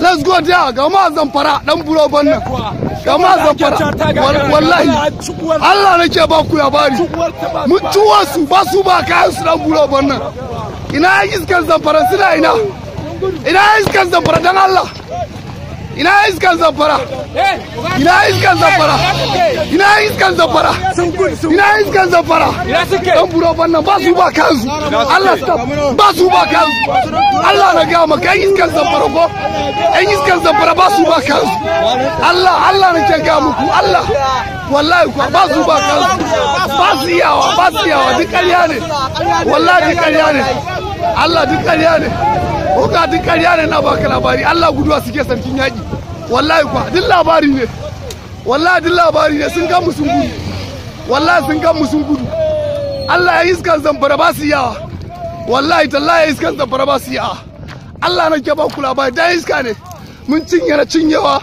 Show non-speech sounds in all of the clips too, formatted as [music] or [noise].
let's go there gama zamfara dan buro bannan ga zamfara wallahi Allah nake ba ku labari mun ciwo su ba su ba kayan su dan buro bannan ina iskan zamfara suna ina ina iskan zamfara dan Allah ina iskan zamfara ina iskan zamfara ina iskan zamfara ina iskan zamfara dan buro bannan ba su ba kansu Allah ta ba su ba kansu Allah na ga maka iskan zamfara ko ɗan iskan zamfara ba su ba kansu Allah Allah na ga muku Allah wallahi kuwa ba su ba kansu ba su yawa ba su yawa duk ƙarya ne wallahi duk ƙarya ne Allah duk ƙarya ne ko duk ƙarya ne na baka labari Allah guduwa suke sarkin yaƙi wallahi kwa duk labari ne wallahi duk labari ne sun gamu sun gudu wallahi sun gamu sun gudu Allah ya iskan zamfara ba su yawa wallahi tallahi ya iskan zamfara ba su yawa Allah na ke ba ku labari da iska ne mun cinye na cinyewa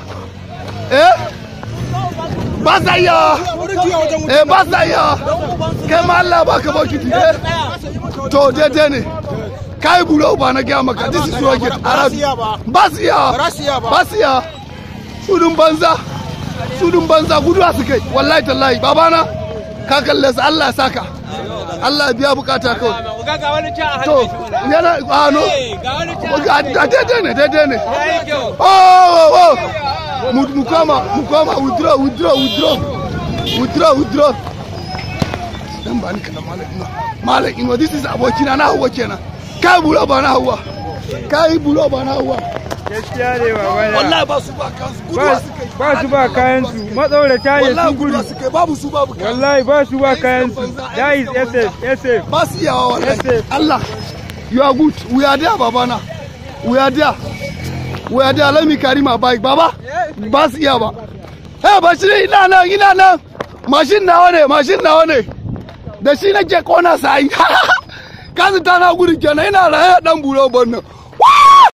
eh ba sa yawa eh ba sa yawa kai ma Allah ba ka ki dide eh? to daidai ne kai bulo ba na gaya maka this is rocket arabi ba su yawa ba su yawa sudun banza sudun banza guduwa su kai wallahi tallahi babana ka kalle su Allah saka Allah biya bukata kawai to yana ano ah, eh, a daidai ne daidai ne oh oh, oh. mu kama mu kama withdraw withdraw withdraw withdraw withdraw dan ba ni kana malam ina malam ina this is abokina na hawa kenan kai buro ba na hawa kai buro ba na hawa gaskiya kayan su ne su su wallahi kayan that is ba su you are good we are there baba na we are there we are there let me carry my bike baba ba su iya ba eh ba shi ina nan ina nan nawa ne mashin nawa ne da shi nake kona sai [laughs] kasu ta na gudu kenan ina raye dan buro bannan